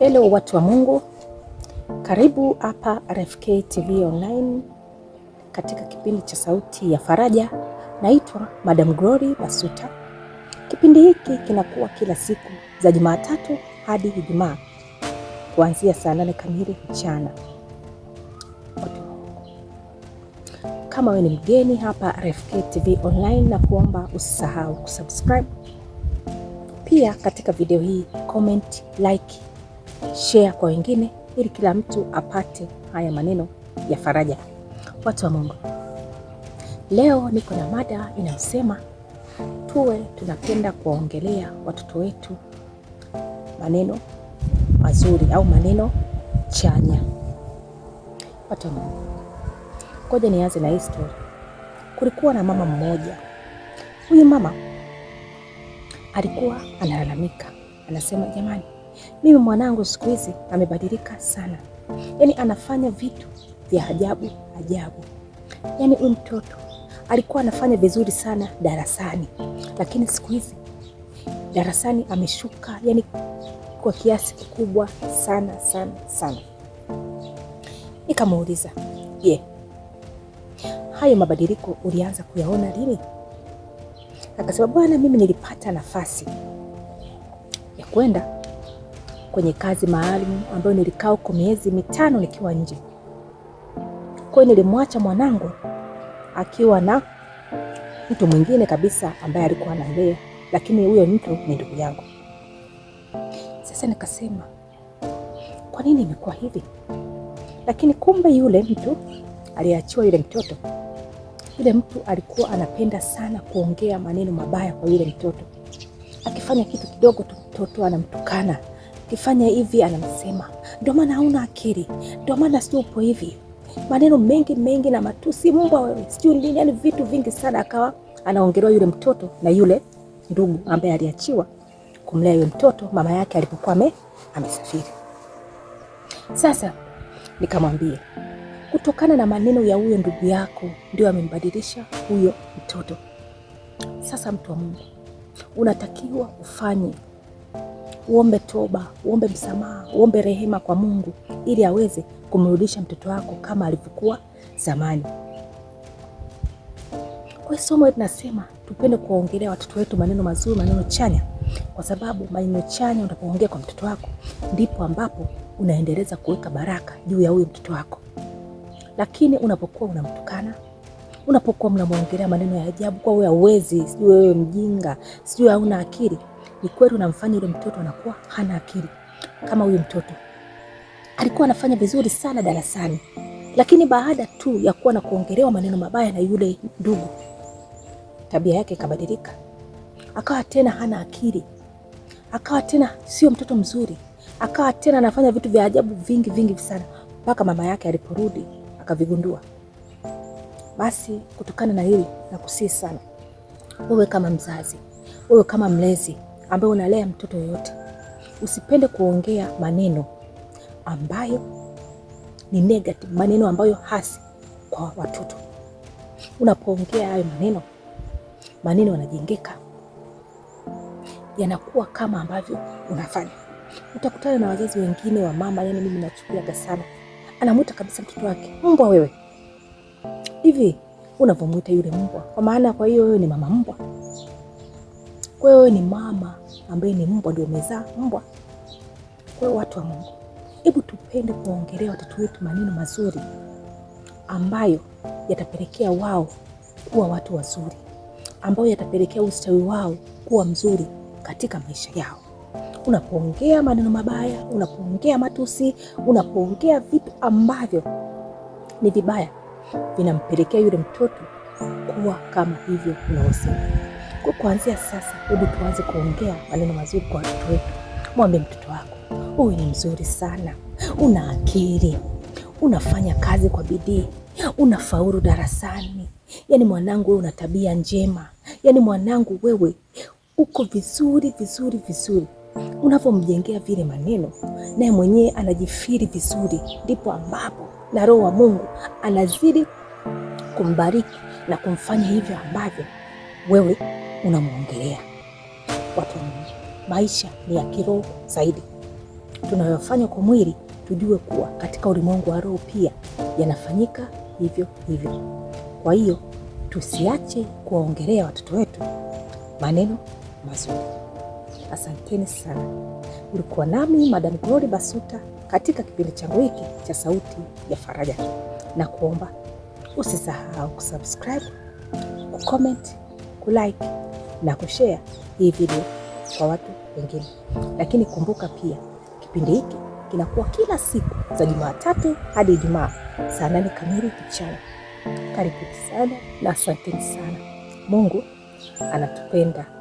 Hello watu wa Mungu, karibu hapa RFK TV online katika kipindi cha Sauti ya Faraja. Naitwa Madam Glory Basuta. Kipindi hiki kinakuwa kila siku za Jumatatu hadi Ijumaa kuanzia saa nane kamili mchana. Kama wewe ni mgeni hapa RFK TV online, na kuomba usisahau kusubscribe. Pia katika video hii comment, like share kwa wengine, ili kila mtu apate haya maneno ya faraja. Watu wa Mungu, leo niko na mada inayosema tuwe tunapenda kuwaongelea watoto wetu maneno mazuri au maneno chanya. Watu wa Mungu, ngoja nianze na hii story. Kulikuwa na mama mmoja. Huyu mama alikuwa analalamika, anasema jamani mimi mwanangu siku hizi amebadilika sana, yaani anafanya vitu vya ajabu ajabu. Yaani huyu mtoto alikuwa anafanya vizuri sana darasani, lakini siku hizi darasani ameshuka, yaani kwa kiasi kikubwa sana sana sana. Nikamuuliza, je, yeah, hayo mabadiliko ulianza kuyaona lini? Akasema, bwana, mimi nilipata nafasi ya kwenda kwenye kazi maalum ambayo nilikaa huko miezi mitano nikiwa nje. Kwa hiyo nilimwacha mwanangu akiwa na mtu mwingine kabisa ambaye alikuwa analea, lakini huyo mtu ni ndugu yangu. Sasa nikasema kwa nini imekuwa hivi? Lakini kumbe yule mtu aliachiwa yule mtoto, yule mtu alikuwa anapenda sana kuongea maneno mabaya kwa yule mtoto, akifanya kitu kidogo tu mtoto anamtukana kifanya hivi anamsema. Ndio maana hauna akili, ndio maana sio upo hivi, maneno mengi mengi na matusi, mbwa wewe, sio nini, yani vitu vingi sana. Akawa anaongelewa yule mtoto na yule ndugu ambaye aliachiwa kumlea yule mtoto, mama yake alipokuwa ame amesafiri. Sasa nikamwambia kutokana na maneno ya huyo ndugu yako ndio amembadilisha huyo mtoto. Sasa mtu wa Mungu, unatakiwa ufanye uombe toba, uombe msamaha, uombe rehema kwa Mungu ili aweze kumrudisha mtoto wako kama alivyokuwa zamani. Kwa somo hili tunasema tupende kuwaongelea watoto wetu maneno mazuri, maneno chanya, kwa sababu maneno chanya unapoongea kwa mtoto wako ndipo ambapo unaendeleza kuweka baraka juu ya huyo mtoto wako. Lakini unapokuwa unamtukana, unapokuwa mnamwongelea maneno ya ajabu, kwa wewe hauwezi, sijui wewe mjinga, sijui hauna akili ni kweli unamfanya yule mtoto anakuwa hana akili. Kama huyu mtoto alikuwa anafanya vizuri sana darasani, lakini baada tu ya kuwa na kuongelewa maneno mabaya na yule ndugu, tabia yake ikabadilika, akawa tena hana akili, akawa tena sio mtoto mzuri, akawa tena anafanya vitu vya ajabu vingi vingi sana, mpaka mama yake aliporudi akavigundua. Basi kutokana na hili, nakusihi sana wewe kama mzazi, wewe kama mlezi ambaye unalea mtoto yoyote, usipende kuongea maneno ambayo ni negative, maneno ambayo hasi kwa watoto. Unapoongea hayo maneno, maneno yanajengeka, yanakuwa kama ambavyo unafanya. Utakutana na wazazi wengine wa mama, yani mimi nachukuliaga sana, anamwita kabisa mtoto wake mbwa, wewe hivi unavyomwita yule mbwa, kwa maana, kwa hiyo wewe ni mama mbwa. Kwa hiyo wewe ni mama ambaye ni mbwa, ndio umezaa mbwa. Kwa hiyo watu wa Mungu, hebu tupende kuwaongelea watoto wetu maneno mazuri ambayo yatapelekea wao kuwa watu wazuri, ambayo yatapelekea ustawi wao kuwa mzuri katika maisha yao. Unapoongea maneno mabaya, unapoongea matusi, unapoongea vitu ambavyo ni vibaya, vinampelekea yule mtoto kuwa kama hivyo unaosema. Kwa kuanzia sasa, hebu tuanze kuongea maneno mazuri kwa watoto wetu. Mwambie mtoto wako, huyu ni mzuri sana, una akili, unafanya kazi kwa bidii, unafaulu darasani. Yaani mwanangu, wewe una tabia njema, yaani mwanangu, wewe uko vizuri vizuri vizuri. Unavyomjengea vile maneno, naye mwenyewe anajifiri vizuri, ndipo ambapo na Roho wa Mungu anazidi kumbariki na kumfanya hivyo ambavyo wewe unamwongelea. Watu wanajua maisha ni ya kiroho zaidi, tunayofanya kwa mwili tujue kuwa katika ulimwengu wa roho pia yanafanyika hivyo hivyo. Kwa hiyo tusiache kuwaongelea watoto wetu maneno mazuri. Asanteni sana. Ulikuwa nami Madam Glory Basuta katika kipindi changu hiki cha Sauti ya Faraja, na kuomba usisahau kusubscribe, kucomment kulike na kushare hii video kwa watu wengine. Lakini kumbuka pia kipindi hiki kinakuwa kila siku za Jumatatu hadi Ijumaa saa nane kamili mchana. Karibuni sana na asanteni sana. Mungu anatupenda.